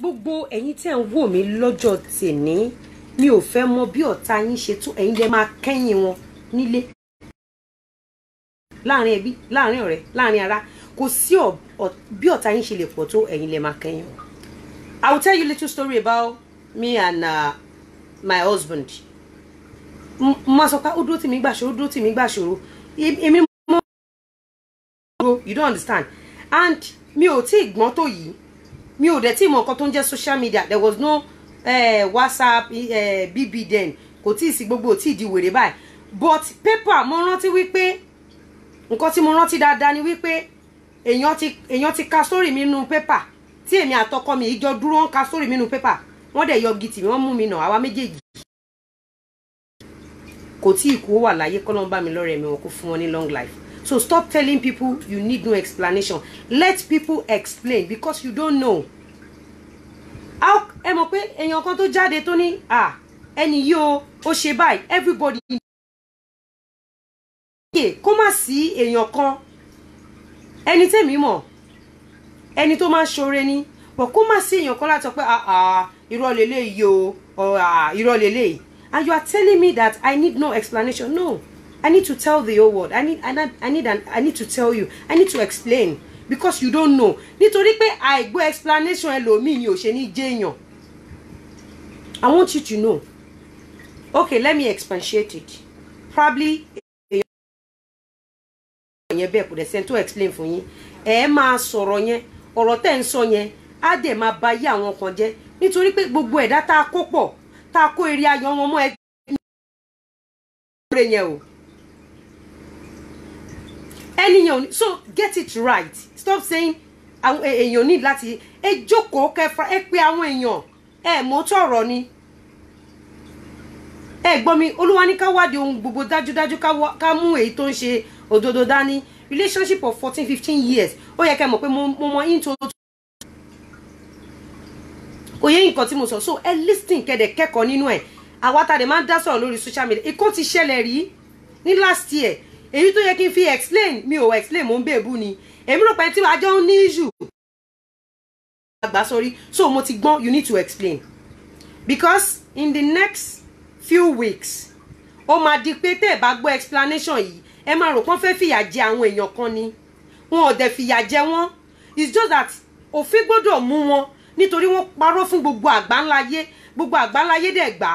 gbogbo ẹ̀yin tẹ́ ń wò mí lọ́jọ́ tèmi mi ò fẹ́ mọ bí ọ̀tá yín ṣe tó ẹ̀yin lẹ máa kẹ́yìn wọn nílé láàrin ẹbí láàrin ọ̀rẹ́ láàrin ara kò sí bí ọ̀tá yín ṣe lè pọ̀ tó ẹ̀yin lẹ máa kẹ́yìn wọn. I will tell you a little story about me and uh, my husband. mo máa sọ pé ó dúró tì mí gbàṣòro ó dúró tì mí gbàṣòro èmi mo. you don't understand and mi ò tí ì gbọ́n tó yìí mi ò dẹ̀ tí mọ̀ nǹkan tó ń jẹ́ social media there was no eh, whatsapp eh, bb then kò tí ì sí gbogbo tí ì di wèrè báyìí but paper mo rántí wípé nǹkan tí mo rántí dáadáa ni wípé èèyàn ti èèyàn ti ka sórí mi nínú paper tí èmi àtọkọ mi ìjọ dúró ń ka sórí mi nínú paper wọ́n dẹ̀ yọ gìtì wọ́n mú mi nà àwa méjèèjì kò tí ì kú ó wà láyé kọ́lọ́n bá mi lọ́rẹ̀ mi wọn kó fún wọn ní long life So stop telling people you need no explanation. Let people explain because you don't know. How ẹ mọ̀ pé èèyàn kan tó jáde tó ní à ẹni yìí o ó ṣe báyìí everybody in the kó má sí èèyàn kan ẹni tèmi mọ̀ ẹni tó máa ń ṣoore ni but kó má sí èèyàn kan láti sọ pé irọ́ lélẹ́yìí o irọ́ lélẹ́yìí and you are telling me that I need no explanation no. I need to tell the whole world. I need, I need, I need, an, I need to tell you. I need to explain because you don't know. Nítorí pé àìgbọ́ explanation ẹlòmíì ni ò ṣe ní jẹ́yàn. I want you to know. Okay, let me expatiate it. Probably èèyàn yẹn bẹ́ẹ̀ kò dẹ̀ sẹ́ni tó explain fún yín. Ẹ máa sọ̀rọ̀ yẹn, ọ̀rọ̀ tẹ́ ń sọ yẹn, á dẹ̀ máa ba yé àwọn kan jẹ́. Nítorí pé gbogbo ẹ̀dá tá a kó pọ̀, tá a kó eré ayọ̀ wọn mọ́ ẹgbẹ́ yẹn ẹnìyàn so get it right stop saying àwọn èèyàn ní láti ẹ jókòó kẹfà ẹ pé àwọn èèyàn ẹ mọ tọrọ ni ẹ gbọ́ mi olúwa ní ká wádìí ohun gbogbo dájúdájú ká mú èyí tó ń ṣe òdodo dání relationship of fourteen fifteen years ó yẹ kẹ́ mọ̀ pé mo mọ into kò yẹ nǹkan tí mo sọ so ẹ listing kẹ́dẹ̀ kẹ́kọ̀ọ́ nínú ẹ̀ àwa ta dẹ̀ máa ń dá sọ̀rọ̀ lórí social media èkó ti ṣẹlẹ̀ rí ní last year èyí tó yẹ kí n fi explain mi ò explain mo ń bèbú ni èmi rò pé tí wàá jọ ń ní issue. àgbà so mo ti gbọ́n you need to explain because in the next few weeks ó máa di pé tẹ́ ẹ̀ bá gbọ́ explanation yìí ẹ máa rò pọ́n fẹ́ fìyà jẹ àwọn èèyàn kan ni wọn ò dẹ̀ fìyà jẹ wọ́n it's just that òfin gbọ́dọ̀ mú wọn nítorí wọ́n parọ́ fún gbogbo àgbáńláyé gbogbo àgbáńláyé dẹ̀ gbà.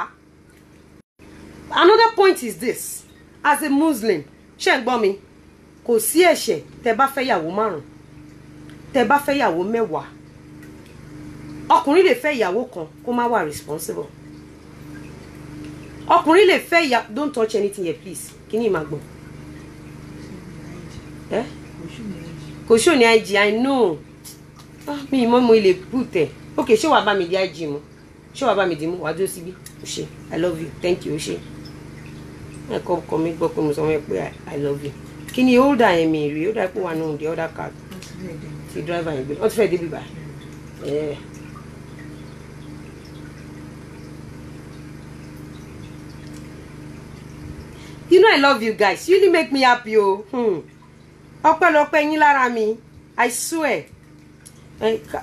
another point is this as a muslim ṣé ń gbọ́ mi kò sí ẹ̀ṣẹ̀ tẹ bá fẹ́ yàwó márùn tẹ bá fẹ́ yàwó mẹ́wàá ọkùnrin lè fẹ́ ìyàwó kan kó má wà responsible ọkùnrin lè fẹ́ ìyà don't touch anything here please kí ni ìmàgbọ́ ẹ eh? kò ṣó ní ig i know ah, mi ìmọ̀ mo lè put ẹ̀ ok ṣé wàá bá mi di ig mu ṣé wàá bá mi dì mú wàá dúró síbí o i love you thank you o ṣé ẹ̀kọ́ ọkọ mi gbọ́ pé mo sọ fún pé i love you kí ni older yẹn mi rí I put one on the other car ti driver yẹn gbé wọ́n ti fẹ́ débi bá ẹ̀. Eh. you know i love you guys you really make me happy o hmm. ọpẹ́lọpẹ́ yín lára mi i swear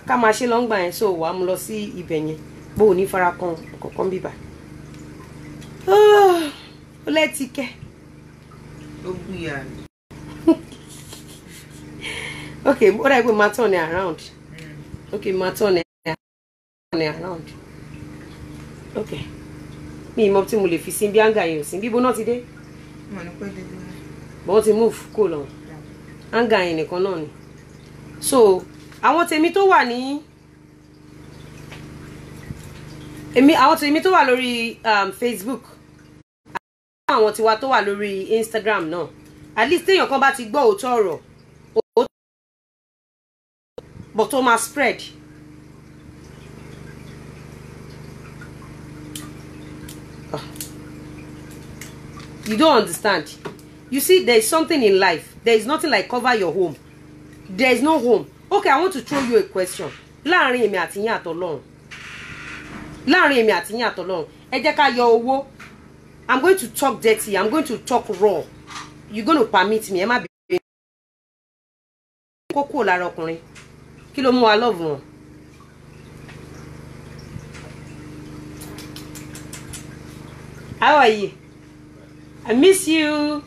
ká máa ṣe lọ́ngbà yẹn so wàá mu lọ sí ibẹ̀ yẹn bó o ní fara kan kọ̀ọ̀kan bíbà. Oh. Ah ó lẹ́tí kẹ́. ó gbìyà rẹ̀. ok ó dàgbé pé máa turn around hmm. ok máa turn around ok mi ìmọ̀ tí mo lè fi sí bí áńgà yẹn ò sí bíbo náà ti dé. mo ní pẹ́ dédé. bọ́ọ̀ ti move kó lọ áńgà yẹn nìkan náà ni so àwọn tèmi tó wà ní èmi àwọn tèmi tó wà lórí um, Facebook àwọn tiwa tó wà lórí Instagram náà at least téèyàn kan bá ti gbọ́ òótọ́ ọ̀rọ̀ òótọ́ but ó máa spread. Ah. you don't understand you see there is something in life there is nothing like cover your home there is no home okay i want to throw you a question láàrin èmi àti yín àtọlọ́run láàrin èmi àti yín àtọlọ́run ẹ jẹ́ ká yọ owó i'm going to talk dirty i'm going to talk raw you gonna permit me ẹ má bẹ. kókó lára ọkùnrin kí ló mú wa lọ́ọ̀bù how are you i miss you.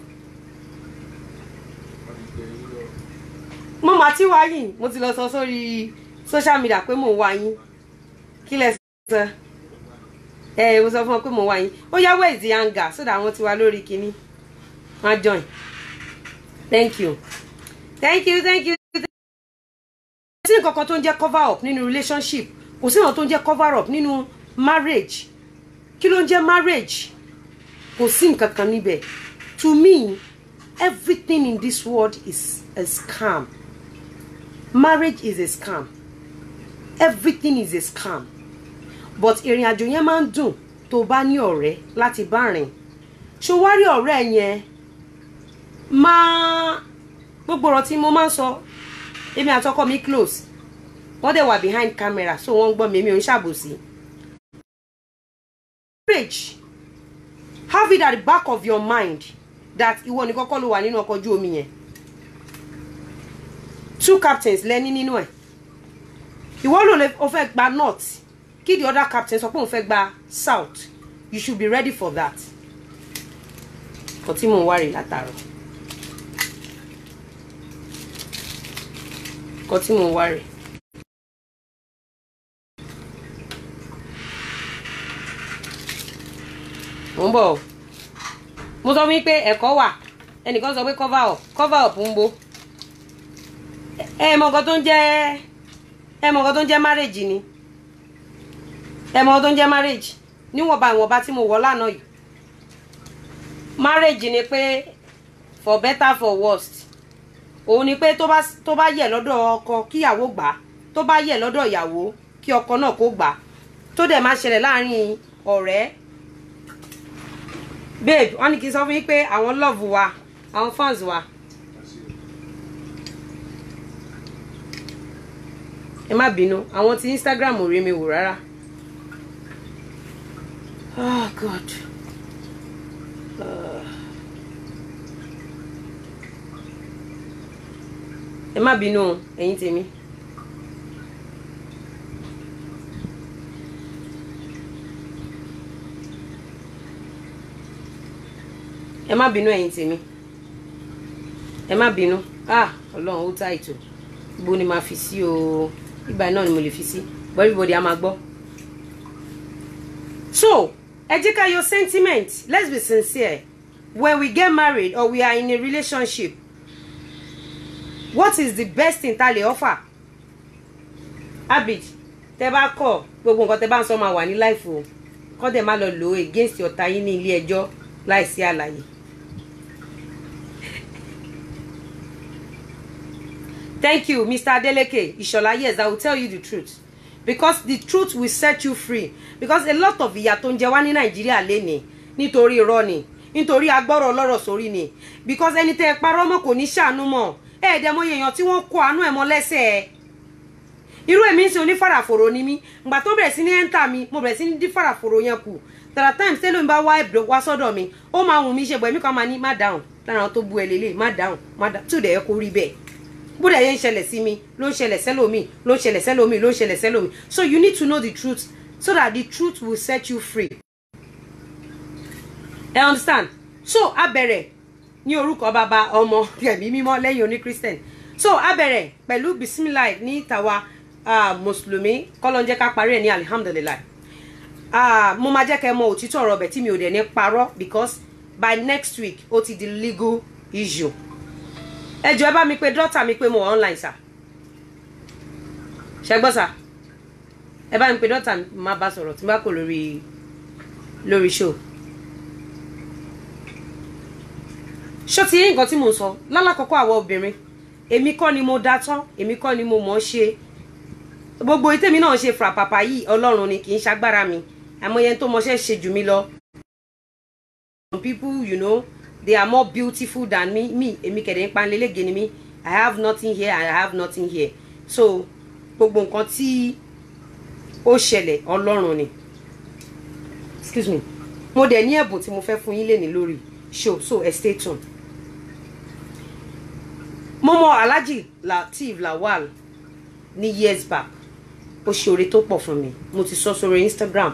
mo mà ti wá yìí mo ti lọ sọ sórí social media pé mò ń wá yín kí ẹ ẹ mo sọ fún ọ pé mo wá yín where is the anger so that I want to lórí you? wọ́n á join thank you thank you thank you. kò sí nǹkan tó ń jẹ́ cover up nínú relationship kò sí nǹkan tó ń jẹ́ cover up nínú marriage kí ló ń jẹ́ marriage kò sí nǹkan kan níbẹ̀ to me everything in this world is a scam marriage is a scam everything is a scam but ìrìn àjò yẹn máa ń dùn tó bá ní ọ̀rẹ́ láti bá rìn ṣó wá rí ọ̀rẹ́ yẹn máa gbogbo ọ̀rọ̀ tí mo máa ń sọ èmi àtọkọ mi close wọ́n dẹ̀ wà behind camera so wọ́n ń gbọ́ mi èmi ò ń ṣàbòsí. courage have it at the back of your mind that ìwọ ni kọ́kọ́ ló wà nínú ọkọ̀ ojú omi yẹn two captains lẹ́ni nínú ẹ̀ ìwọ ló lè o fẹ́ gba north kí the other captain sọ pé òun fẹ́ gba south you should be ready for that kò tí mò ń wárí látàárọ̀ kò tí mò ń wárí. mo ń bọ̀ ọ́ mo sọ wípé ẹ̀kọ́ wà ẹnìkan sọ pé cover up cover up ń bo ẹ ẹ mọ nǹkan tó ń jẹ́ ẹ mọ nǹkan tó ń jẹ́ marriage ni ẹ mọ tó ń marriage níwọ̀nba ìwọ̀nba tí mo wọ̀ lánàá yìí marriage ni pé for better for worst òun ni pé tó bá yẹ lọ́dọ̀ ọkọ kíyàwó gbà tó bá yẹ lọ́dọ̀ ìyàwó kí ọkọ náà kó gbà tó dẹ̀ máa ṣẹlẹ̀ láàrin ọ̀rẹ́ babe wọ́n ní kí n sọ fún yín pé àwọn love wa àwọn fans wa ẹ má bínú àwọn ti Instagram ò rí mi wò rárá. Oh, God. Ah. Ẹ má bínú o, ẹ̀yin tèmi. Ẹ má bínú ẹ̀yin tèmi. Ẹ má bínú. Ah, long ó title? ètò. Ibo ni màá fi sí o? Ibà náà ni mo lè fi sí. But everybody á máa gbọ́ ẹ your ká sentiment let's be sincere when we get married or we are in a relationship what is the best thing Tali offer abid tẹ bá kọ gbogbo nǹkan tẹ bá ń sọ life. wà ní láìfò malo dẹ̀ against your yín ní ilé ẹjọ́ láìsí àlàyé. thank you mr adeleke ishola yes i will tell you the truth because the truth will set you free because a lot of ìyà tó ń jẹ wá ní nàìjíríà lénìí nítorí irọ́ ni nítorí agbọ́rọ̀ ọlọ́rọ̀ sórí ni because ẹni tẹ́ ẹ parọ́ mọ́ kò ní ṣàánú mọ́ ẹ̀ẹ́dẹ́mọye èèyàn tí wọ́n kó àánú ẹ̀ mọ́ lẹ́sẹ̀ ẹ̀ irú èmi ń ṣe onífàràfòrò ni mí ngbà tó bẹ̀rẹ̀ sí ní ẹ́ńtà mi mo bẹ̀rẹ̀ sí ní dífàràfòrò yẹn kù tàrà times tẹ́lẹ̀ mi bá wá ẹ̀bùrọ̀ wá sọ́dọ̀ mi ó máa wù mí ṣe bọ̀ ẹ̀mí kan máa ní má dáhùn lára àwọn tó bu ẹ̀ lélẹ̀ má dáhùn má dáhùn tí ò dẹ̀ yẹ kó rí bẹ́ẹ̀ bó dẹ̀ yẹ ń ṣẹlẹ̀ sí mi ló ń ṣẹlẹ̀ sẹ́lòmíì ló ń ṣẹlẹ̀ sẹ́lòmíì ló ń ṣẹlẹ̀ sẹ́lòmíì so you need to know the truth so that the truth will set you free I understand so abẹ̀rẹ̀ ní orúkọ bàbá ọmọ ẹ̀mí mímọ́ lẹ́yìn oní christian so abẹ̀rẹ̀ pẹ̀lú bisimilah ní tàwa mùsùlùmí kọ́lọ́njẹ́ ká parí ẹ̀ ní alihamdulilayi mo máa jẹ́ kẹ́ ẹ mọ òtítọ́ ọ̀rọ̀ ọbẹ̀ tí mi ò dẹ̀ ní parọ́ because by next week ó ti di legal issue ẹ ẹ bá mi pé dọ́tà mi pé mo wà online sà ṣẹgbọ́n sà ẹ bá mi pé dọ́tà mi má bá sọ̀rọ̀ tí n bá kò lórí lórí show. ṣó ti yé nǹkan tí mò sọ lálàkọ́kọ́ àwọn obìnrin èmi kọ́ ni mo dá tán èmi kọ́ ni mo mọ̀ ṣe gbogbo ìtẹ́mi náà ṣe fàpàpà yìí ọlọ́run ni kì í ṣagbára mi àmọ́ yẹn tó mọṣẹ́ ṣe jù mí lọ. some people you know they are more beautiful than me me èmi kẹ̀dẹ̀ ń panlélégé ni mi i have nothing here i have nothing here so gbogbo nǹkan tí ó ṣẹlẹ̀ ọlọ́run ni excuse me mo dẹ̀ ní ẹ̀bùn tí mo fe fún yín lè lori. lórí show so ẹ stay tuned mo mọ Alhaji Lateef Lawal ni years back ó ṣe oore tó pọ̀ fún mi mo ti sọ sórí Instagram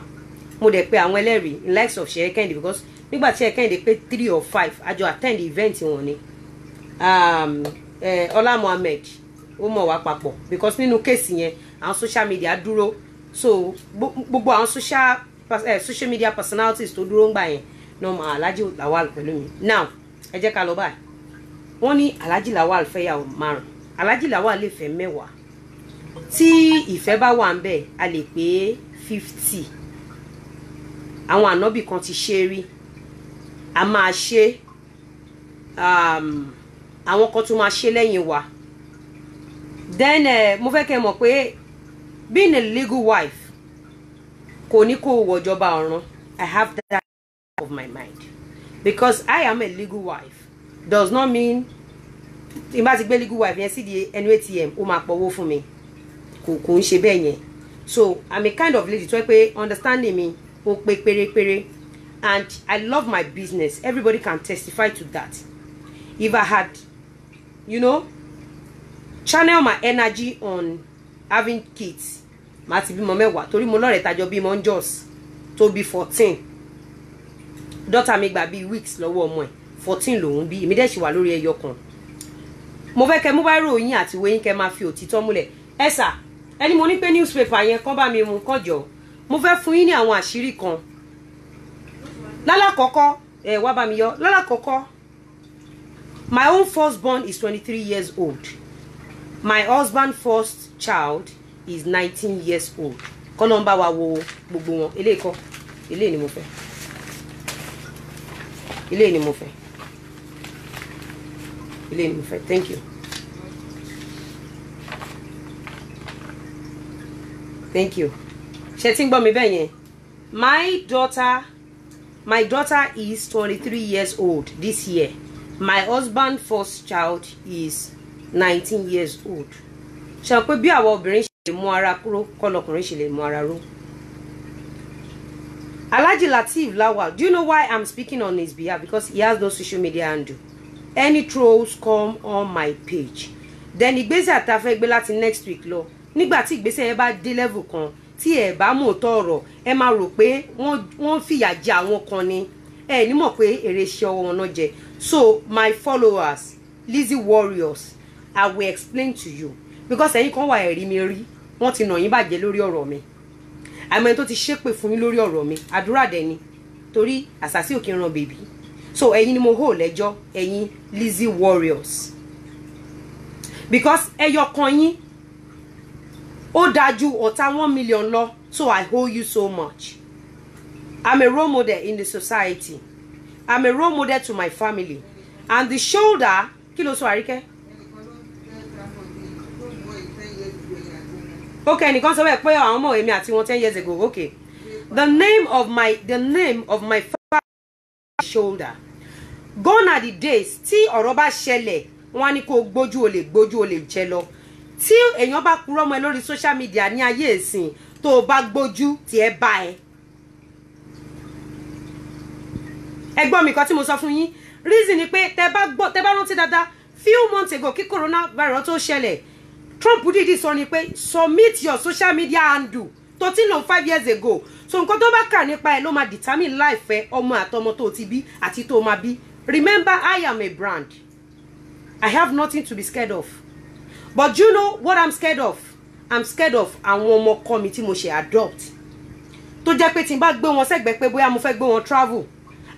mo dẹ̀ pe àwọn ẹlẹ́rìí in likes of share Kẹ́hìndé because nígbà tí ẹ kẹ́hìndé pé three or five àjọ attend event wọn ni um, ọlá mohammed ó mọ̀ wá papọ̀ because nínú kéèsì yẹn àwọn social media dúró so gbogbo àwọn social eh, social media personalities tó dúró ń gbà yẹn náà mọ alhaji lawal pẹ̀lú mi now ẹ jẹ́ ká lọ báyìí wọ́n ní alhaji lawal fẹ́ yàwó márùn alhaji lawal lè fẹ́ mẹ́wàá tí ìfẹ́ bá wà ń bẹ̀ a lè pé fifty àwọn ànábì kan ti ṣe é rí a máa ṣe um, àwọn kan tó máa ṣe lẹ́yìn wa then eh, mo fẹ́ kẹ́ mọ̀ pé being a legal wife kò ní kó wọ̀jọba ọ̀run I have that of my mind because I am a legal wife does not mean tí n bá ti gbé legal wife yẹn sí di ẹnu atm ó máa pọ̀wó fún mi kò kò ń ṣe bẹ́ẹ̀ yẹn so i'm a kind of lady tó yẹ pé understanding mi ó pé pérépéré and I love my business. Everybody can testify to that. If I had, you know, channel my energy on having kids, màá ti bímọ mẹ́wàá torí mo lọ́rẹ̀ẹ́ tajọ bímọ ń jọ́s tó bí fourteen dọ́tà mi gbà bíi weeks lọ́wọ́ ọmọ ẹ̀ fourteen lòún unbi èmi dẹ̀ sì wà lórí ẹyọ kan mo fẹ́ kẹ́ mobile ròyìn àti wẹ́yìn kẹ́ máa fi òtítọ́ múlẹ̀ ẹ sà ẹni mo ní pé newspaper yẹn kán bá mi mú kán jọ mo fẹ́ fún yín ní àwọn àṣírí kan lálàkọ́kọ́ ẹ wá bá mi yọ lálàkọ́kọ́ my own first born is twenty three years old my husband first child is nineteen years old kọ́lọ́mbà wa wo gbogbo wọn eléyìí kọ́ eléyìí ni mo fẹ́ eléyìí ni mo fẹ́ eléyìí ni mo fẹ́ thank you thank you ṣe tí ń gbọ́ mi bẹ́ẹ̀ yẹn my daughter. My daughter is 23 years old this year. My husband first child is 19 years old. Ṣe pé bí àwọn obìnrin ṣe lè mú ara kúrò kọ́ lọkùnrin ṣe lè mú ara ró. Alhaji Lateef Lawal, do you know why I'm speaking on his behalf? Because he has no social media handle. Any trolls come on my page. Then ìgbésẹ̀ àtàfẹ́ gbé láti next week lọ. Nígbà tí ìgbésẹ̀ yẹn bá dé level kan, tí ẹ bá mọ̀ tọ̀rọ̀ ẹ máa rò pé wọ́n fìyà jẹ àwọn kan ni ẹ ní mọ̀ pé èrè ṣe ọwọ́ wọn náà jẹ so my followers Lizzie warriors I will explain to you because ẹ̀yin kan wà ẹ̀rí mi rí wọ́n ti nà yín bàjẹ́ lórí ọ̀rọ̀ mi àmọ́ ẹni tó ti ṣépè fún yín lórí ọ̀rọ̀ mi àdúrà dẹ̀ ni torí àṣàṣì òkè ran bèbí so ẹ̀yin ni mo hò lẹ́jọ́ ẹ̀yin Lizzie warriors because ẹyọ kan yín ó dájú ọ̀tá one million lọ so I owe you so much I'm a role model in the society I'm a role model to my family and the shoulder kí ló sọ àríkẹ́. ok ẹnìkan sọ bẹ́ẹ̀ pé àwọn ọmọ èmi àti wọn ten years ago ok the name of my the name of my father shoulder gone are the days tí ọ̀rọ̀ bá ṣẹlẹ̀ wọn á ní kó gbójú olè gbójú olè jẹ lọ tí èèyàn bá purọ́ mọ́ ẹ lórí social media ní ayé ìsìn tó o bá gbójú tí ẹ bá ẹ. ẹgbọ́n mi kan tí mo sọ fún yín reason ni pé tẹ bá gbọ́ tẹ bá rántí dáadáa few months ago kí coronavirus tó ṣẹlẹ̀ Trump dìídì sọ ni pé submit your social media handle tó ti lò five years ago so nǹkan tó bá kà nípa ẹ ló máa determine life ẹ ọmọ àtọmọ tó ti bí àti tó máa bí remember I am a brand I have nothing to be scared of but you know what i'm scared of i'm scared of àwọn ọmọ ọkọ mi tí mo ṣe adopt tó jẹ́ pé tí n bá gbé wọn sẹ́gbẹ̀ẹ́ pé bóyá mo fẹ́ gbé wọn travel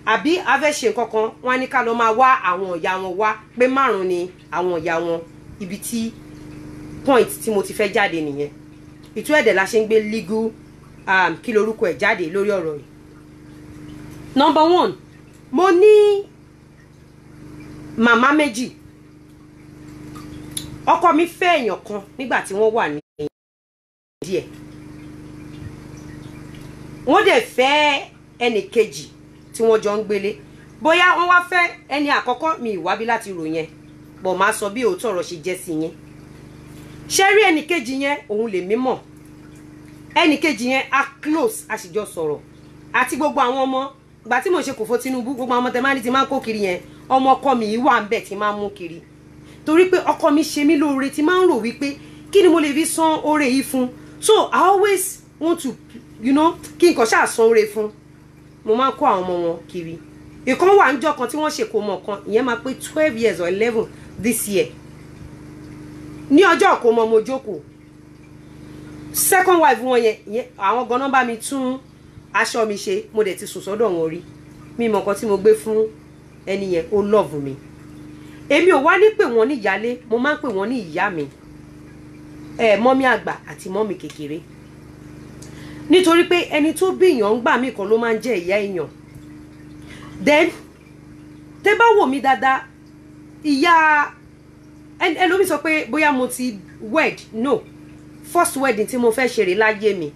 àbí a fẹ́ ṣe nǹkan kan wọn á ní ká lọ máa wá àwọn ọ̀yà wọn wá pé márùn ni àwọn ọ̀yà wọn ibi tí point tí mo ti fẹ́ jáde nìyẹn ìtú ẹ̀dẹ̀ la ṣe ń gbé legal um, kí lorúkọ ẹ̀ jáde lórí ọ̀rọ̀ yìí number one mo ní màmá méjì ọkọ mi fẹ́ èèyàn kan nígbà tí wọ́n wà ní ẹ̀yìn díẹ̀ wọ́n dẹ̀ fẹ́ ẹnì kejì tí wọ́n jọ ń gbélé bóyá wọ́n wá fẹ́ ẹni àkọ́kọ́ mi ìwábí láti rò yẹn bọ̀ máa sọ bí òótọ́ ọ̀rọ̀ ṣe jẹ́ sí yẹn ṣe rí ẹnì kejì yẹn òun lè mí mọ̀ ẹnì kejì yẹn a close a sì jọ sọ̀rọ̀ àti gbogbo àwọn ọmọ gbà tí mo ṣe kò fọ Tinubu gbogbo àwọn ọmọ tẹ máa ní ti máa kó kiri yẹn ọmọ ọkọ mi yìí wà ń bẹ̀ tí máa mú kiri torí pé ọkọ mi ṣe mí lóore tí máa ń rò wípé kí ni mo lè fi san oore yìí fún so i always want to you know kí n kàn ṣáà san oore fún mo máa ń kó àwọn ọmọ wọn kiri ìkan wà níjọ́ kan tí wọ́n ṣe kó mọ kan ìyẹn máa pé twelve years or eleven this year ní ọjọ́ kó mọ mo jókòó second wife wọn yẹn àwọn gan nọ́mbà mi tún aṣọ mi ṣe mo dẹ̀ ti sùn sọ́dọ̀ wọn rí mi mọ̀ nǹkan tí mo gbé fún ẹni yẹn ó lọ́ọ̀bù mi èmi ò wá ní pè wọ́n ní ìyálé mo máa ń pè wọ́n ní ìyá mi ẹ mọ́mí àgbà àti mọ́mí kékeré nítorí pé ẹni tó bí èèyàn ń gbà mí kan ló máa ń jẹ́ ìyá èèyàn then tẹ́ bá wò mí dáadáa ìyá ẹlòmíì sọ pé bóyá mo ti wed no first wedding tí mo fẹ́ ṣe rè láyé mi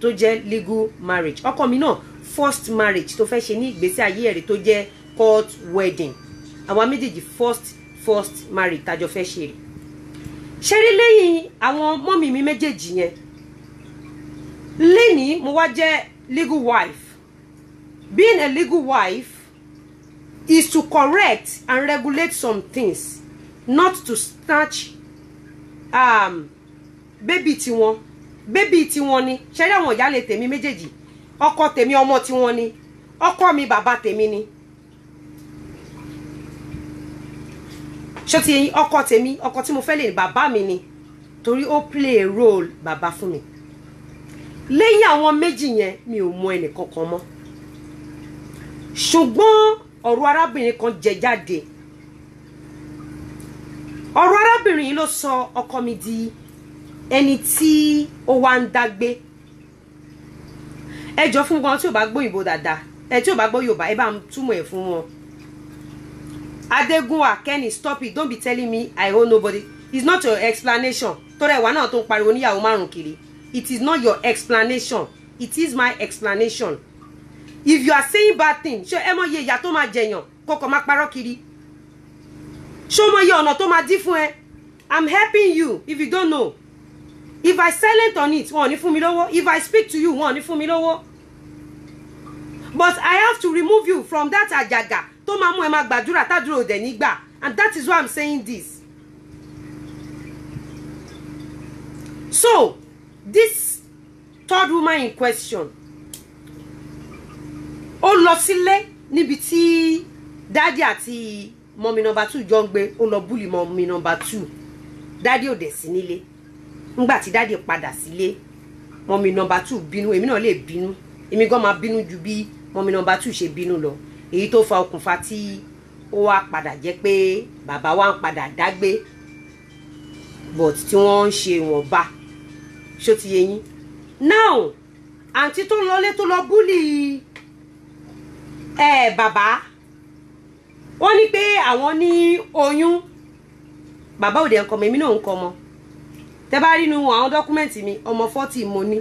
tó jẹ́ legal marriage ọkọ mi náà first marriage tó fẹ́ ṣe ní ìgbésí ayé ẹ̀rí tó jẹ́ court wedding àwa méjèèjì first first marriage tàjọ fẹ́ ṣe rè ṣe rí lẹ́yìn àwọn mọ́mì mi méjèèjì yẹn lẹ́ni mo wá jẹ́ legal wife being a legal wife is to correct and regulate some things not to snatch um, baby, tiwọn bébì tiwọn ni ṣe rí àwọn ìyáálé tèmi méjèèjì ọkọ tèmi ọmọ tiwọn ni ọkọ mi bàbá tèmi ni ṣó ti yẹn ọkọ tèmi ọkọ tí mo fẹ́ lè bàbá mi ni torí ó play a role bàbá fún mi lẹ́yìn àwọn méjì yẹn mi ò mọ ẹnì kankan mọ́ ṣùgbọ́n ọ̀rọ̀ arábìnrin kan jẹ jáde ọ̀rọ̀ arábìnrin yìí ló sọ ọkọ mi di ẹni tí ó wá ń dágbé ẹ jọ fún gan tí ò bá gbọ́ ìbò dáadáa ẹ tí ò bá gbọ́ ẹ bá túmọ̀ ẹ̀ fún wọn adegunwa kenny stop it don't be telling me i owe nobody it's not your explanation tọrọ ẹwà náà tó ń pariwo níyàwó márùn kiri it is not your explanation it is my explanation if you are saying bad thing ṣé ẹ mọ iye ìyá tó máa jẹyàn kọkọ máa parọ́ kiri ṣé o mọ iye ọ̀nà tó máa dín fún ẹ i'm helping you if you don't know if i silent on it wọn ò ní fún mi lówó if i speak to you wọn ò ní fún mi lówó but i have to remove you from that àjàgà tó máa mú ẹ máa gbàdúrà tádúrà òdẹ̀ nígbà and that is why i'm saying this so this third woman in question ó lọ sílé níbi tí dádì àti mọ̀mí nọmba two jọ ń gbé ó lọ búlì mọ̀mí nọmba two dádì ò dẹ̀ sí nílé ńgbà tí dádì padà sílé mọ̀mí nọmba two bínú èmi náà lè bínú èmi gan máa bínú ju bí mọ̀mí nọmba two ṣe bínú lọ èyí tó fa okùnfà tí ó wá padà jẹ́ pé bàbá wa ń padà dágbé but tí wọ́n ń ṣe ìwọ̀nba ṣó ti yé yín now àǹtí tó ń lọlé tó lọ búlì ẹ bàbá wọ́n ní pé àwọn ní oyún bàbá òde ẹ̀kọ́ mi èmi náà ń kọ́ ọmọ tẹ́ bá rí inú àwọn dọ́kúmẹ́ǹtì mi ọmọ fọ́tì mo ní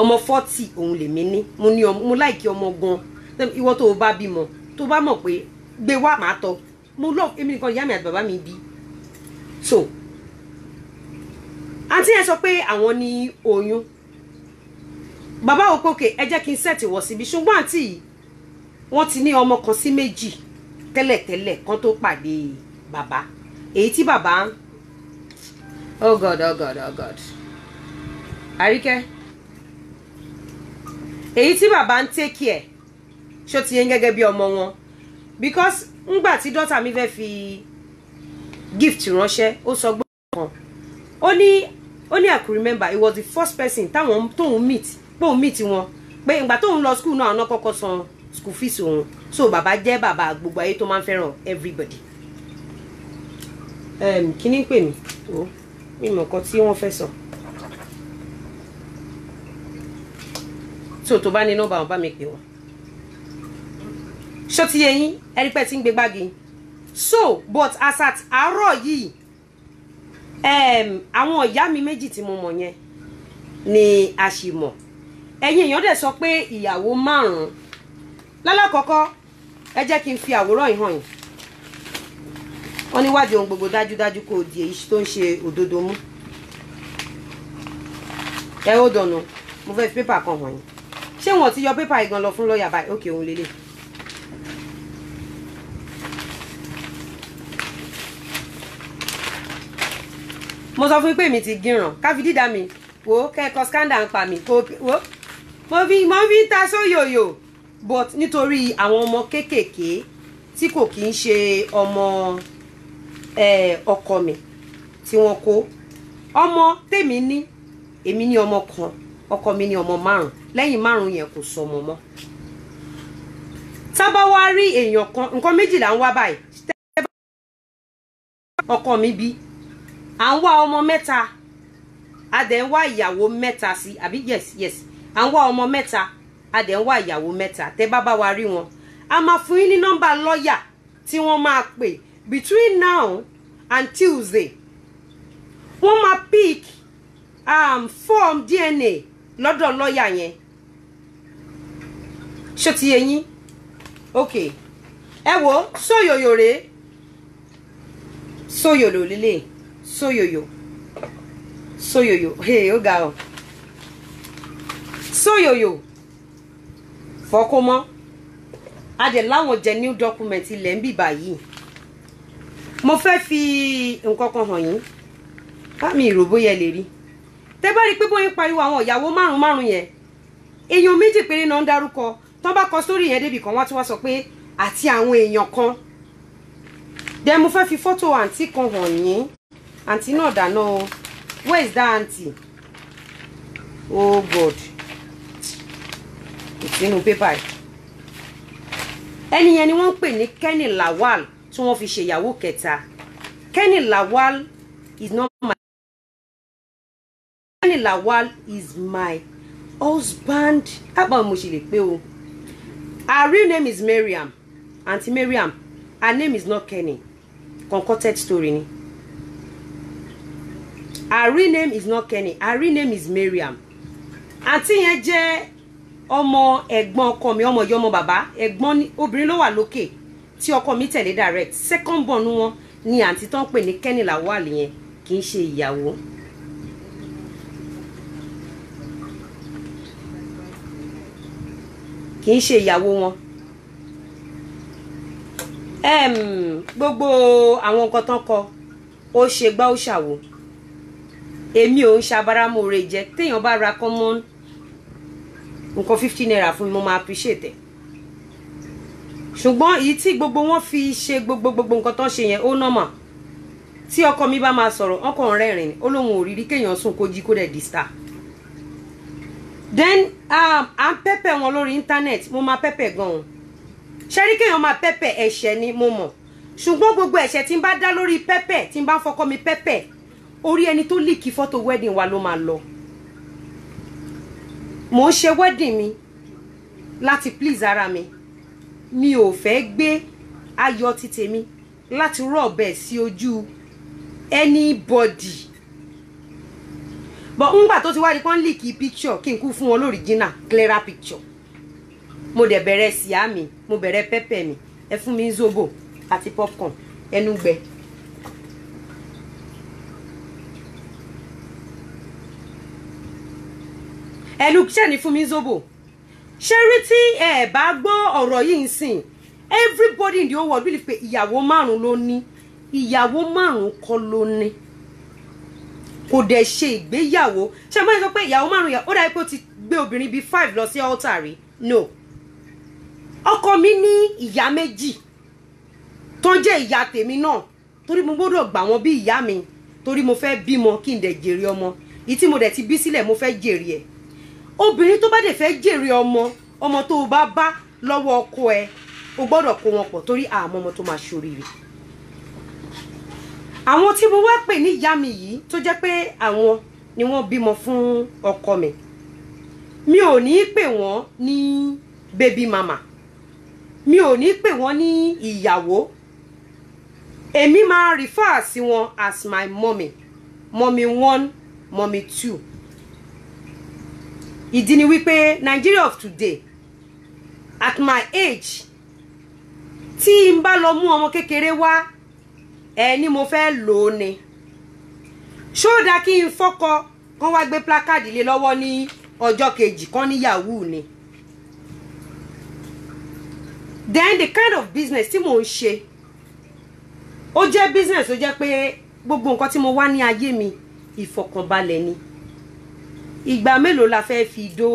ọmọ fọ́tì òun lèmi ní mo ní ọmọ mo láìkí ọmọ gan-an ìwọ tó o bá bímọ tó o bá mọ̀ pé gbé wá màá tọ́ mo lọ èmi nìkan ìyá mi àti bàbá mi bí so àǹtí yẹn sọ pé àwọn ní oyún bàbá òkòkè ẹ jẹ́ kí n sẹ́ẹ̀tì wọ̀ síbi ṣùgbọ́n àǹtí yìí wọ́n ti ní ọmọ kan sí méjì tẹ́lẹ̀tẹ́lẹ̀ kan tó pàdé bàbá èyí tí bàbá oh god oh god oh god àríkẹ́ èyí tí bàbá ń tẹ́kì ẹ̀ ṣó ti yẹn gẹ́gẹ́ bí ọmọ wọn because ngbà tí dọ́tà mi fẹ́ fi gift ránṣẹ́ ó sọ gbọ́dọ̀ kan ó ní ó ní I could remember it was the first person táwọn tóun meet tóun meet wọn pé ìgbà tóun lọ school náà àwọn kọ́kọ́ san school fees òun so bàbá jẹ́ bàbá gbogbo ayé tó máa ń fẹ́ràn everybody um, kíní pè mí o mi mọ̀ kan tí wọ́n fẹ́ sọ. so tó bá ní nọ́mbà wọn bá mi pè wọ́n ṣó ti yẹ yín ẹni pẹ́ tí ń gbé gbági so but as at àárọ̀ yìí àwọn ìyá mi méjì tí mo mọ̀ yẹn ni a sì mọ̀ ẹ̀yin èèyàn dẹ̀ sọ pé ìyàwó márùn-ún lálákọ̀ọ́kọ́ ẹ jẹ́ kí n fi àwòrán yìí hàn yín wọ́n níwádìí ohun gbogbo dájúdájú kò di èyí tó ń ṣe òdodo mú ẹ ó dọ̀nà mo fẹ́ fi pépà kan hàn yín ṣé wọn ti yọ pépà igan lọ fún lọ́ọ̀yà báyìí ókè òun lélẹ̀ mo sọ fún yín pé mi ti gíràn káfí dídá mi wò ó kẹ́kọ̀ọ́ scandal ń pa mi wò ó mo fi mo fi ń ta sóyòyò but nítorí àwọn ọmọ kéékèèké tí kò kí ń ṣe ọmọ ọkọ mi tí wọ́n kó ọmọ tèmi ní èmi ní ọmọ kan ọkọ mi ní ọmọ márùn lẹ́yìn márùn yẹn kò sọmọ mọ́ tábà wá rí èèyàn kan nǹkan méjìlá ń wá báyìí ọkọ mi bí à ń wá ọmọ mẹ́ta a dẹ̀ ń wá ìyàwó mẹ́ta sí àbí yes yes à ń wá ọmọ mẹ́ta a dẹ̀ ń wá ìyàwó mẹ́ta tẹ́ bá bá wa rí wọn a máa fún yín ní nọ́mbà lọ́ọ̀yà tí wọ́n máa pè between now and Tuesday wọ́n máa pick um, form DNA lọ́dọ̀ lọ́ọ̀yà yẹn ṣé ti yé yín ok ẹ wo sóyòyò rèé sóyòlò lélẹ́yìn sóyòyò sóyòyò hey ó ga ọ sóyòyò fọkó mọ́ a dẹ̀ láwọn jẹ new document ilẹ̀ ń bìbà yìí mo fẹ́ fi nǹkan kan hàn yín bá mi ìrò bóyá ẹ lè rí tẹ bá rí i pé bóyá ń pariwo àwọn ìyàwó márùn márùn yẹn èèyàn méjì péré náà ń dárúkọ tó bá kọ sórí yẹn débì kan wá tí wọ́n sọ pé àti àwọn èèyàn kan dẹ̀ mo fẹ́ fi fọ́tò àǹtí kan hàn yín. Auntie, no, dáná no. where is that auntie? oh god kò sínú pépà yìí ẹni yẹn ni wọ́n ń Kenny Lawal tí wọ́n fi ṣèyàwó kẹta Kenny Lawal is not my Kenny Lawal is my husband báwo mo ṣe lè pé o her real name is Mariam Auntie Mariam her name is not Kenny concocted story ni her real name is not Kenny her real name is Mariam àǹtí yẹn jẹ́ ọmọ ẹ̀gbọ́n ọkọ mi ọmọ ìyá ọmọ bàbá ẹ̀gbọ́n obìnrin ló wà lókè tí ọkọ mi tẹ̀lé direct second born wọn ni àǹtí tó ń pè ní Kenny Lawal yẹn kì í ṣe ìyàwó. kì í ṣe ìyàwó wọn gbogbo àwọn nǹkan tán kọ ó ṣe gbá ó ṣàwò èmi ò ń ṣabaramore jẹ téèyàn bá ra common nǹkan fifty naira fún mi mo máa appreciate ẹ ṣùgbọ́n èyí tí gbogbo wọn fi ṣe gbogbo gbogbo nǹkan tó ń ṣe yẹn ó normal tí ọkọ mi bá máa sọ̀rọ̀ ọkọ ń rẹ́rìn ó lóun ò rírí kéèyàn sùn kó jí kó dẹ̀ di star then um, à ń pẹ́pẹ́ wọn lórí internet mo máa pẹ́pẹ́ gan-an ṣe rí kéèyàn máa pẹ́pẹ́ ẹ̀ṣẹ̀ ni mo mọ̀ ṣùgbọ́n gbogbo ẹ̀ṣẹ̀ tí n bá dá lórí pẹ́pẹ́ tí n bá fọkọ mi pẹ́pẹ́ orí ẹni tó líìkì fọ́tò wedding wa ló máa lọ mò ń ṣe wedding mi láti please ara mi mi ò fẹ́ gbé ayọ̀ ti tèmi láti rọ̀bẹ̀ sí ojú anybody but ngbà tó ti wá di pọ́n líìkì picture kí n kú fún wọn lóríjìnà clearer picture mo dẹ̀ bẹ̀rẹ̀ síá mi mo bẹ̀rẹ̀ pẹ́pẹ́ mi ẹ fún mi zobo àti popcorn ẹnu gbẹ ẹ look ṣe ni fún mi zobo ṣe rí tí ẹ bá gbọ́ ọ̀rọ̀ yìí ń sìn everybody in the whole world believe pé ìyàwó márùn ló ní ìyàwó márùn kọ́ ló ní kò dẹ̀ ṣe ìgbéyàwó ṣe máa ń sọ pé ìyàwó márùn ó dàbí pé ó ti gbé obìnrin bíi five lọ sí altar rí no ọkọ mi ní ìyá méjì tó ń jẹ́ ìyá tèmi náà torí mo gbọ́dọ̀ gbà wọ́n bí ìyá mi torí mo fẹ́ bímọ kí n dẹ̀ jèrè ọmọ ìtí mo dẹ̀ ti bí sílẹ̀ mo fẹ́ jèrè ẹ̀ obìnrin tó bá dẹ̀ fẹ́ jèrè ọmọ ọmọ tó o bá bá lọ́wọ́ ọkọ ẹ o gbọ́dọ̀ kó wọn pọ̀ torí àmọ́ ọmọ tó máa ṣoríire àwọn tí mo wá pè ní ìyá mi yìí tó jẹ́ pé àwọn ni wọ́n bímọ fún ọkọ mi mi ò ní pè wọ́n ní baby mama mi ò ní pè wọ́n ní ìyàwó èmi máa refer sí wọn as my mommy mommy one mommy two ìdí ni wípé Nigeria of today at my age tí n bá lọ mú ọmọ kékeré wá ẹ ní mo fẹ́ lò ó ni ṣóòdà kí n fọ́kọ kán wá gbé plákáàdì lé lọ́wọ́ ní ọjọ́ kejì kan ní ni then the kind of business tí mò ń ṣe ó jẹ́ business ó jẹ́ pé gbogbo nǹkan tí mo wá ní ayé mi ìfọ̀kànbalẹ̀ ni ìgbà mélòó la fẹ́ fi dó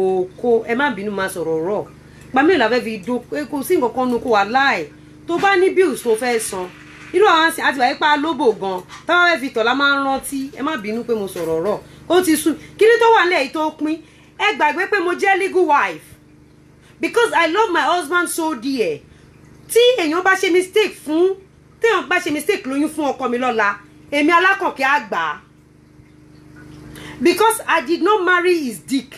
oko ẹ má bínú máa sọ̀rọ̀ rọ̀ ìgbà mélòó la fẹ́ fi dó kò sí nǹkan nu kó wà láì tó bá ní bills tó fẹ́ san irú àwọn àti àti wáyé pa lóbò gan táwọn fẹ́ fi tọ̀ máa ń rántí ẹ má bínú pé mo sọ̀rọ̀ rọ̀ ó ti sùn kí ni tó wà nílẹ̀ tó pín ẹ gbàgbé pé mo jẹ́ legal wife because I love my husband so dear tí èèyàn bá ṣe mistake fún téèyàn bá ṣe mistake lóyún fún ọkọ mi lọ́la èmi alákọ̀ọ́kẹ́ àgbà Because I did not marry his dick.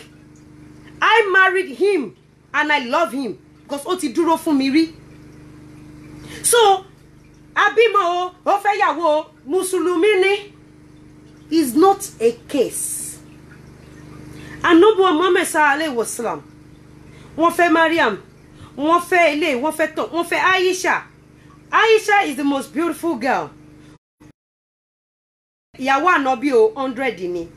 I married him and I love him because o ti duro fún mi rí. So abimo o, ó fẹ́ yàwó o, ni is not a case. Anubu Muhammad Saleh Wasalam, wọ́n fẹ́ Mariam, wọ́n fẹ́ ilé, wọ́n fẹ́ tán, wọ́n fẹ́ Aisha. Aisha is the most beautiful girl. Ìyàwó ànábì o, hundred ni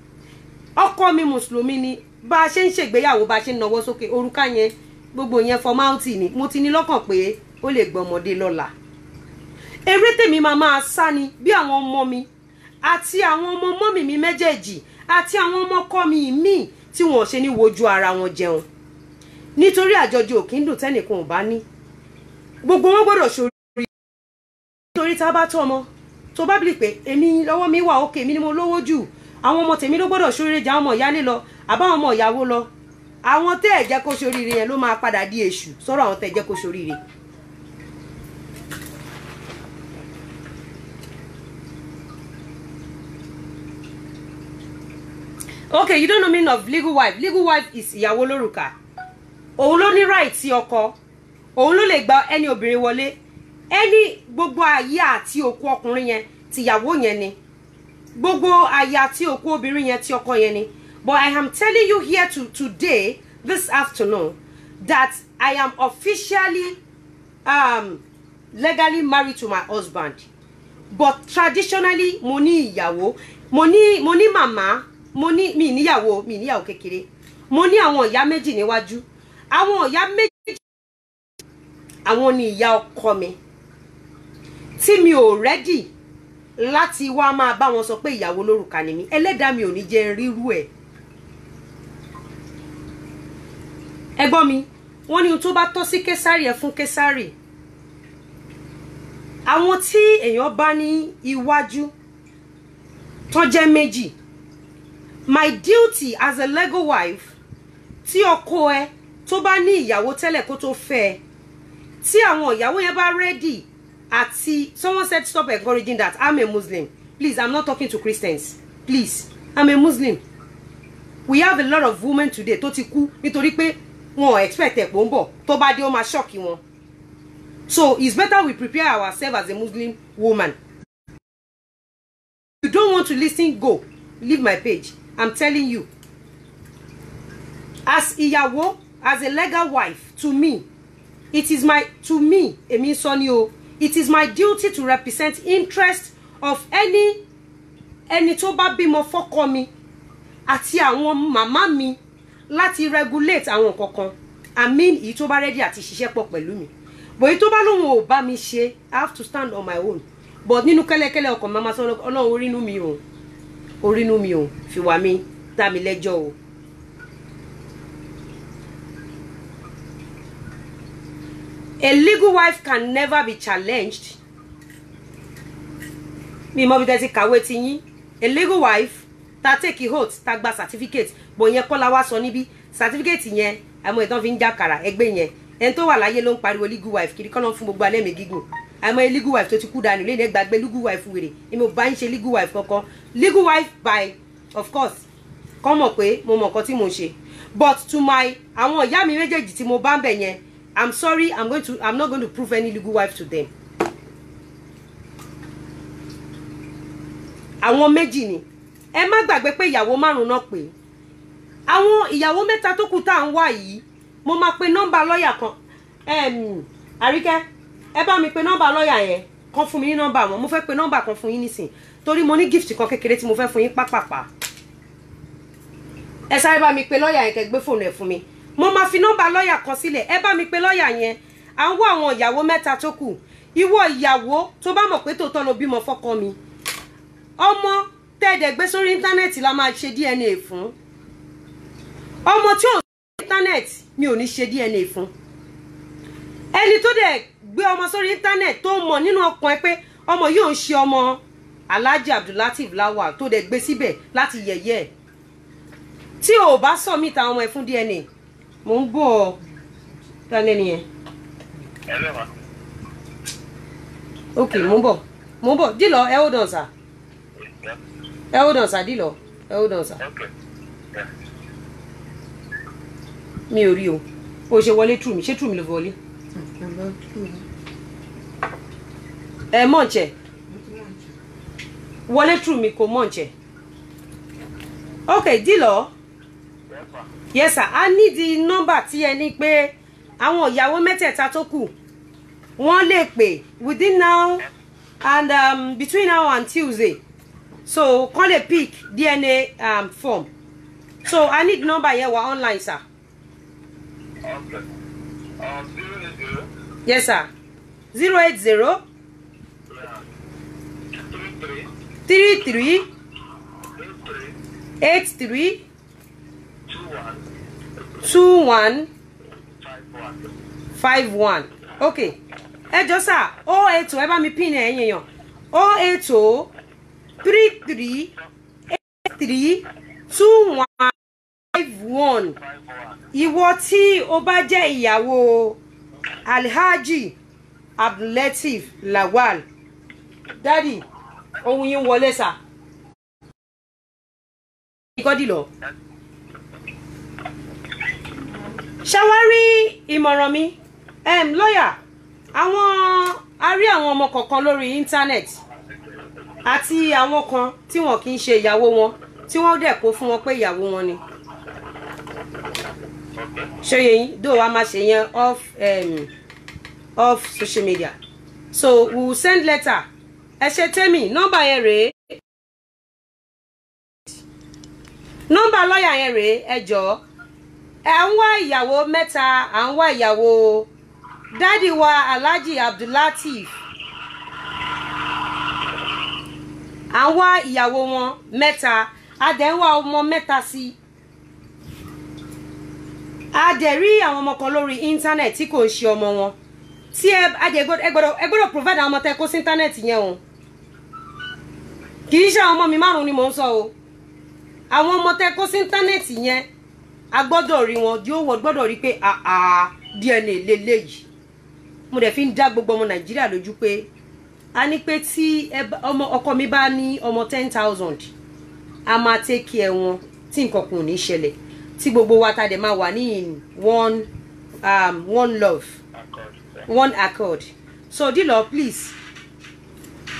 ọkọ mi mùsùlùmí ni bá a ṣe ń ṣègbéyàwó bá a ṣe ń nawọ́ sókè òrùka yẹn gbogbo yẹn fọmáùtì ni mo ti ní lọ́kàn pé ó lè gbọmọdé lọ́la eré tèmi máa máa sá ni bí àwọn ọmọ mi àti àwọn ọmọ mọ́mì mi méjèèjì àti àwọn ọmọ ọkọ mi míì tí wọn ṣe ní wojú ara wọn jẹun nítorí àjọjọ òkíndùn tẹnìkan ò bá ní gbogbo wọn gbọ́dọ̀ ṣorí nítorí tá a bá tọ́ ọmọ tó bá bìlì pé èmi lọ́wọ́ mi wà òkè mi ni mo lówó jù àwọn ọmọ tèmi ló gbọ́dọ̀ ṣoríire jà ọmọ ìyálé lọ àbáwọn ọmọ ìyàwó lọ àwọn tẹ́ ẹ̀ jẹ́ kó ṣoríire yẹn ló máa padà di èṣù sọ̀rọ̀ àwọn tẹ́ ẹ̀ jẹ́ kó ṣoríire. okay you don't know meaning of legal wife legal wife is ìyàwó lórúkà òun ló ní right sí ọkọ òun ló lè gba ẹni obìnrin wọlé ẹni gbogbo ayé àti òkú ọkùnrin yẹn tìyàwó yẹn ni gbogbo àyà tí òkú obìnrin yẹn ti ọkọ yẹn ni but i am telling you here to today this afternoon that i am officially um, legally married to my husband but traditionally mo ní ìyàwó mo ní mo ní màmá mo ní mi níyàwó mi níyàwó kékeré mo ní àwọn ìyá méjì níwájú àwọn ìyá méjì àwọn ni ìyá ọkọ mi tí mi ò rẹ́dì láti wá máa bá wọn sọ pé ìyàwó lórúkà ni mí ẹlẹ́dàá mi ò ní jẹ́ ríru ẹ̀ ẹ gbọ́ mi wọ́n ní ohun tó bá tọ́ sí késàrì ẹ̀ fún késàrì àwọn tí èèyàn bá ní iwájú tó jẹ́ méjì my duty as a Lego wife tí ọkọ ẹ tó bá ní ìyàwó tẹ́lẹ̀ kó tó fẹ́ ẹ tí àwọn ìyàwó yẹn bá rẹ́dì àti someone said stop encouraging that i'm a muslim please i'm not talking to christians please i'm a muslim we have a lot of women today tó ti kú nítorí pé wọn ò expect ẹ̀pọ̀ ń bọ̀ tó bá dé ó máa ṣọ́ọ̀kì wọn so it's better we prepare ourselves as a muslim woman if you don't want to listen go leave my page i'm telling you as ìyàwó as a legal wife to me it is my to me èmi sọ ni o it is my duty to represent interest of any ẹni tó bá bímọ fọ́kọ mi àti àwọn màmá mi láti regulate àwọn kankan i mean èyí tó bá ready àti ṣiṣẹ́ pọ̀ pẹ̀lú mi but èyí tó bá lóun ò bá mi ṣe i have to stand on my own but nínú kẹ́lẹ́kẹ́lẹ́ ọkàn mama sọ ọlọ́run orínú mi o orínú mi o fìwà mi dá mi lẹ́jọ́ o. a legal wife can never be challenged mi mọ bí tẹ́tí kàwé ti yín a legal wife ta take hold ta gba certificate bò yẹn kọ́lá wá sọ níbí certificate yẹn àmọ́ ìtàn fi ń jàkàrà ẹgbẹ́ yẹn ẹni tó wà láyé ló ń legal wife kiri kọ́ ló ń fún gbogbo alẹ́ mi gígùn àmọ́ legal wife tó ti kú dànù lẹ́yìn ẹgbàgbé legal wife wèrè èmi ò bá ń ṣe legal wife kankan legal wife by of course kọ́ mọ̀ pé mo mọ̀ nǹkan tí mo ń but to my àwọn ìyá mi méjèèjì tí mo bá ń bẹ̀ i'm sorry i'm going to i'm not going to prove any legal wife to them àwọn méjì ni ẹ má gbàgbé pé ìyàwó márùn náà pé àwọn ìyàwó mẹ́ta tó kù tá à ń wá yìí mo máa pe number lawyer. kan àríkẹ́ ẹ bá mi pe nọ́mbà lọ́ọ̀yà yẹn kan fún mi ní nọ́mbà wọn mo fẹ́ pe nọ́mbà kan fún yín nísìn torí mo ní gift kan kékeré tí mo fẹ́ fún yín pápápá ẹ sáré bá mi pe lawyer, yẹn kẹ́ gbé fóònù ẹ̀ fún mi mo máa fi nọ́mbà lọ́ọ̀yà kan sílẹ̀ ẹ bá mi pe lọ́ọ̀yà yẹn à ń wọ àwọn ìyàwó mẹ́ta tó kù ìwọ ìyàwó tó bá mọ̀ pé tòótọ́ ló bímọ fọ́kọ mi ọmọ tẹ́ẹ̀dẹ̀ gbé sórí íńtánẹ́ẹ̀tì la máa ṣe DNA fún ọmọ tí ò sórí íńtánẹ́ẹ̀tì mi ò ní ṣe DNA fún ẹni tó dẹ̀ gbé ọmọ sórí íńtánẹ́ẹ̀tì tó mọ̀ nínú ọkàn ẹ pé ọmọ yóò ń ṣe ọmọ Alhaji Abdulateef Lawal tó dẹ̀ gbé síbẹ̀ láti yẹ̀yẹ́ ẹ̀ tí ò bá sọ mí ọmọ ẹ fún DNA mò ń bọ̀ ọ́ ta lẹ́ni yẹn. ok mò ń bọ̀ mò ń bọ̀ dìlọ ẹ ó dàn sà ẹ ó dàn sà dìlọ ẹ ó dàn sà mi ò rí o bó ṣe wọlé tù mí ṣé tù mí ló fi wọlé. ẹ mọ̀ ǹjẹ́ wọlé tù mí kò mọ̀ ǹjẹ́ ok dìlọ yes sir a ní di nọ́mbà tí ẹ ní pé àwọn ìyàwó mẹ́tẹ̀ẹ̀ta tó kù wọ́n lè pè within now and um, between now and Tuesday so kán lè pick DNA um, form so I need number yẹn wà online sir. Okay. Uh, yes sir zero eight zero. three three. eight three two one five one Okay. ẹ jọ sà o oh eight o oh, ẹ bá mi pin ẹ ẹ̀yin èèyàn o oh eight o three three eight three two one five one ìwọ tí o bá jẹ́ ìyàwó alhaji abdulatif lawal dadi ohun yín wọlé sà. ìkọ́dí lọ ṣàwárí ìmọ̀ràn mi um, lọ́yà àwọn a rí àwọn ọmọ kọ̀ọ̀kan lórí íńtánẹ́ẹ̀tì àti àwọn kan tí wọn kì í ṣe ìyàwó wọn tí wọ́n dẹ̀ kó fún wọn pé ìyàwó wọn ni ṣòye yín dó wa máa ṣe yẹn off um, off social media so we will send letter ẹ ṣe tẹ́mì nọ́mbà yẹn rèé nọ́mbà lọ́yà yẹn rèé ẹ jọ̀ọ́ ẹ̀ ń wá ìyàwó mẹ́ta à ń wá ìyàwó dádì wa Alhaji Abdulateef à ń wá ìyàwó wọn mẹ́ta a dẹ̀ ń wá ọmọ mẹ́ta sí i a dẹ̀ rí àwọn ọmọ kan lórí íńtánẹ̀tì tí kò ń ṣe ọmọ wọn tí ẹ adìẹ gbọ́dọ̀ ẹ provide àwọn ọmọ tẹ kó sí íńtánẹ́ẹ̀tì yẹn o kì í ṣe àwọn ọmọ mi márùn ni mò ń sọ o àwọn ọmọ tẹ kó sí íńtánẹ́ẹ̀tì yẹn a gbọ́dọ̀ rí wọn yóò wọ́n gbọ́dọ̀ rí pé àà ah, ah, DNA lélẹ́yìí mo dẹ̀ fi ń dá gbogbo ọmọ Nàìjíríà lójú pé a ní pé tí ọmọ ọkọ mi bá ní ọmọ ten thousand a máa tẹ́kì ẹ̀ wọn tí nǹkan kò ní ṣẹlẹ̀ tí gbogbo wa ta dẹ̀ máa wà ní in one um, one love one accord so dílọ please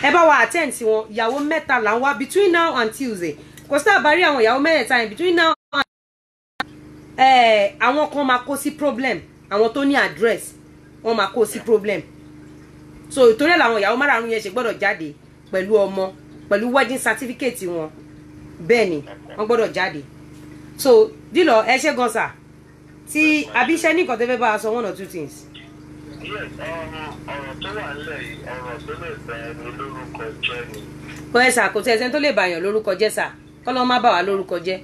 ẹ bá wa attend sí wọn ìyàwó mẹ́ta là ń wá between now and Tuesday kò sí àbárí àwọn ìyàwó mẹ́tẹ̀ẹ̀ta yẹn between now Eh, àwọn kan máa kó sí problem àwọn tó ní address wọ́n máa kó sí problem so ìtorí ẹ̀ làwọn ìyàwó márààrún yẹn ṣe gbọ́dọ̀ jáde pẹ̀lú ọmọ pẹ̀lú wedding certificate wọn bẹ́ẹ̀ ni wọ́n gbọ́dọ̀ jáde so dílọ ẹ ṣe gan sà tí abiṣẹ́ ní nǹkan tó fẹ́ bá a sọ one or two things. ọ̀rọ̀ tó wà nílẹ̀ yìí ọ̀rọ̀ tó lè bá ẹni lórúkọ jẹ́ ni. kò ẹ sà kò tẹ ẹsẹ̀ tó lè bàyàn lórúkọ jẹ́ sà kọ́lọ́ má bà wá lórúkọ jẹ́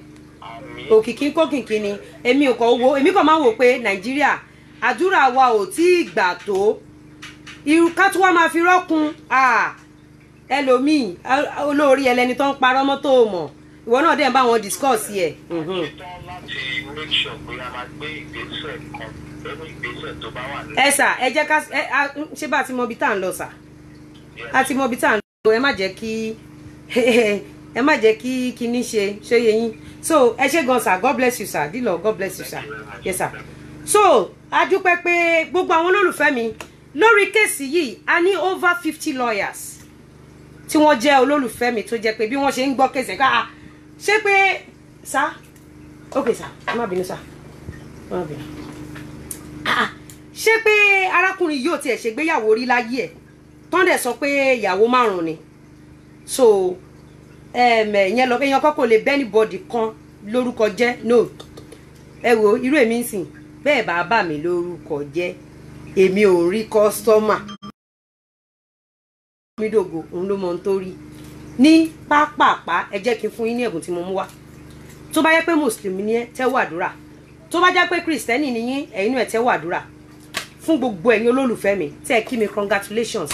òkìkí kókìkí ni èmi ò kàn wo èmi kàn máa wò pé nàìjíríà àdúrà wa ò tí ì gbà tó irú ká tí wọ́n máa fi rọ́kun ẹlòmíì olórí ẹlẹ́ni tó ń parọ́ mọ́tò mọ̀ ìwọ náà dẹ̀ ń bá wọn discuss yẹ. ẹ sà ẹ jẹ́ ká ṣé bá a ti mọ ibi tá à ń lọ sà a ti mọ ibi tá à ń lọ ẹ má jẹ́ kí ẹ má jẹ́ kí kinní ṣe ṣóye yín so ẹ ṣé gan sir god bless you sir dílọ god bless you sir yes sir so a dúpẹ́ pé gbogbo àwọn olólùfẹ́ mi lórí kéèsì yìí a ní over fifty lawyers tí wọ́n jẹ́ olólùfẹ́ mi tó jẹ́ pé bí wọ́n ṣe ń gbọ́ kéèsì ká ah, ṣé pé sá ok sá ẹ má bínú sá ẹ má bínú ah, ah. ṣé pé arákùnrin yóò tiẹ̀ ṣègbéyàwó rí láyé ẹ̀ tọ́ndẹ̀ sọ pé ìyàwó márùn-ún ni so ìyẹn lọ èèyàn kan kò lè bẹ́ẹ̀ ní bọ́ọ̀dì kan lórúkọ jẹ́ no ẹ wo irú èmi ń sìn bẹ́ẹ̀ bá bà mí lórúkọ jẹ́ èmi ò rí kọ́sítọ́mà mídògo òun ló mọ ohun tó rí ní pápápá ẹ jẹ́ kí n fún yín ní ẹ̀bùn tí mo mú wá tó bá yẹ pé mùsùlùmí ni ẹ tẹ́wọ́ àdúrà tó bá jẹ́ pé kìrìsìtẹ́nì ni yín ẹ̀yin náà ẹ tẹ́wọ́ àdúrà fún gbogbo ẹ̀yin olólùfẹ́ mi tẹ́ ẹ kí mi congratulations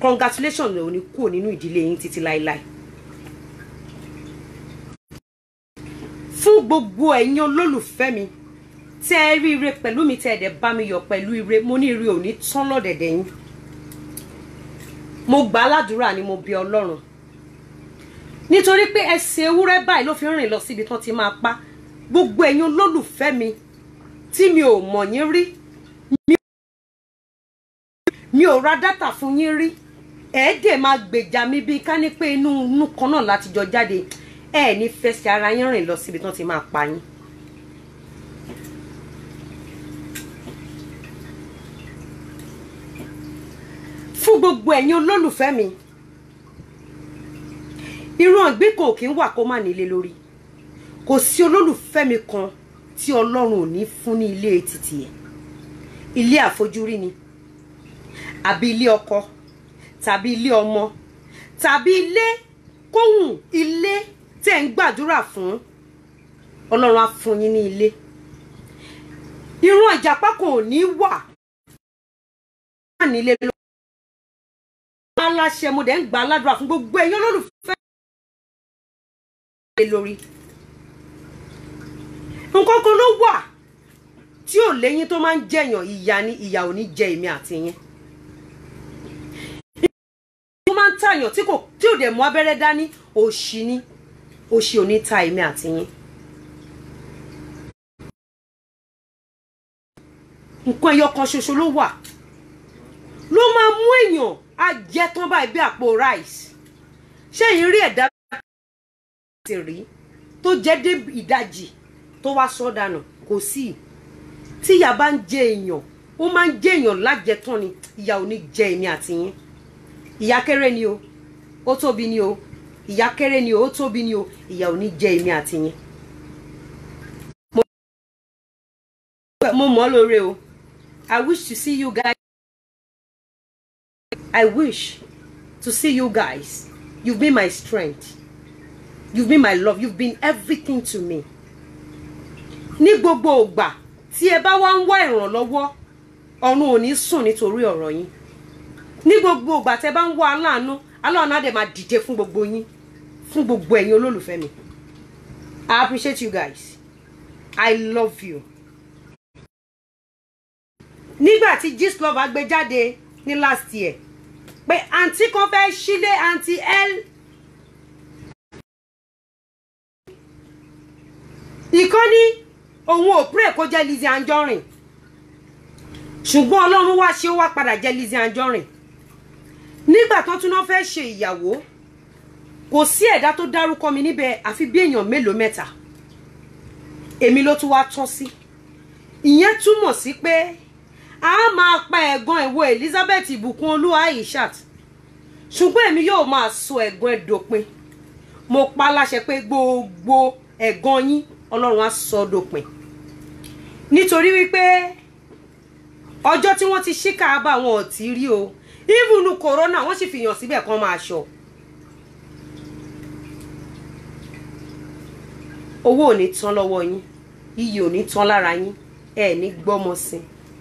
congratulations lòun ni kúrò nínú ìdílé yín títí láéláé fún gbogbo ẹ̀yin olólùfẹ́ mi tẹ́ ẹ rí ire pẹ̀lú mi tẹ́ ẹ dẹ̀ bá mi yọ̀ pẹ̀lú ire mo ní ire òní tán lọ́dẹ̀dẹ̀ yín mo gbà á ládùúrà ni mo bí ọlọ́run nítorí pé ẹsẹ̀ ewúrẹ́ báyìí ló fi rìn lọ síbi tán ti máa pa gbogbo ẹ̀yin olólùfẹ́ mi tí mi ò mọ̀ yín rí mi ò ra dátà fún yín rí ẹ̀ẹ́dẹ̀ máa gbèjà mi bíi ká ní pé inú inú kan náà láti jọ jáde ẹ ní fẹsẹ̀ ara yín rìn lọ síbi tí wọ́n ti máa pa yín. fún gbogbo ẹ̀yin olólùfẹ́ mi ìran ìgbín kò kí ń wà kó má nílé lórí kò sí olólùfẹ́ mi kan tí ọlọ́run ò ní fún ní ilé títì ẹ̀ ilé àfojúrí ni àbí ilé ọkọ tàbí ilé ọmọ tàbí ilé kóhùn ilé tẹ́ ń gbàdúrà fún ọlọ́run á fún yín ní ilé ìran ìjàpá kan ò ní wà nílé lọ aláṣẹ mo dẹ̀ ń gba aládùúrà fún gbogbo ẹ̀yin olólùfẹ́ lórí nǹkan kan ló wà tí ò léyìn tó máa ń jẹyàn ìyá ni ìyá ò ní jẹ èmi àti yín mo máa ń tàyàn tí ò dẹ̀ mú abẹ́rẹ́ dání òṣì ni ó ṣe oníta èmi àti yín. nǹkan ẹyọ kan ṣoṣo ló wà ló máa mú èèyàn ajẹtán báyìí bí àpò rice ṣé yìí rí ẹ̀dá ti rí tó jẹ́ dé ìdajì tó wá sọ dànù kò sí tíyà bá ń jẹ èèyàn ó máa ń jẹ èèyàn lájẹtán ni ìyà ò ní jẹ èmi àti yín ìyà kéré ni o ó tóbi ni o ìyá kéré ni ó tóbi ni o ìyá ò ní jẹ èmi àti yín. mo mọ̀ ọ́ lóore o I wish to see you guys. I wish to see you guys. You've been my strength. You've been my love. You've been everything to me. Ní gbogbo ògbà tí ẹ bá wá ń wá ìrànlọ́wọ́, ọ̀run ò ní sùn nítorí ọ̀rọ̀ yín. Ní gbogbo ògbà tí ẹ bá ń wá aláàánú, aláàánú á dẹ̀ máa dìde fún gbogbo yín fún gbogbo ẹ̀yin olólùfẹ́ mi I appreciate you guys I love you. nígbà tí Gistlover á gbé jáde ní last year pé àǹtí kan fẹ́ sílé àǹtí L ìkọ́ni òun ò pray kó jẹ́ Lizzy Anjorin ṣùgbọ́n ọlọ́run wá ṣe ó wá padà jẹ́ Lizzy Anjorin nígbà tó tún náà fẹ́ ṣe ìyàwó kò sí ẹ̀dá tó dárúkọ mi níbẹ̀ àfi bí èèyàn mélòó mẹ́ta èmi ló tún wá tán sí ìyẹn túmọ̀ sí pé a máa pa ẹ̀gbọ́n ìwọ Elizabeth Ìbùkún Olúwa Aishat ṣùgbọ́n èmi yóò máa sọ ẹ̀gbọ́n ẹ̀ mo pa láṣẹ pé gbogbo ẹ̀gbọ́n yín Ọlọ́run á sọ dòpin nítorí wípé ọjọ́ tí wọ́n ti ṣíkà bá wọn ò tí rí o even nu corona wọ́n sì fìyàn síbẹ̀ kan máa ṣọ owó ò ní tán lọ́wọ́ yín iyì ò ní tán lára yín ẹ ní gbọ́mọ sí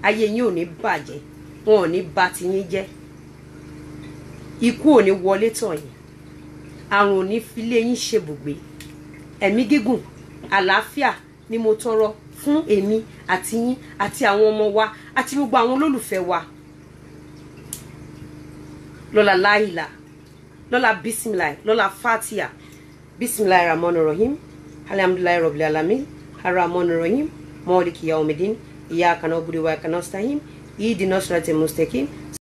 ayé yín ò ní bàjẹ́ wọn ò ní bà tiyín jẹ́ ikú ò ní wọlé tọ̀ yín àrùn ò ní filé yín ṣebùgbé ẹ̀mí gígùn àlàáfíà ni mo tọrọ fún èmi àti yín àti àwọn ọmọ wa àti gbogbo àwọn olólùfẹ́ wa lọ́la láìla lọ́la bísímìláì lọ́la fatia bísímìláì ramọ́nà rahim. alhamdulilayi rọ̀bìlì alami ara amọ́nurọ̀yìn mọ́ọ̀lì kìyà omidin ìyá àkànná òbúdíwá àkànná stahim ìdí nọ́sùlá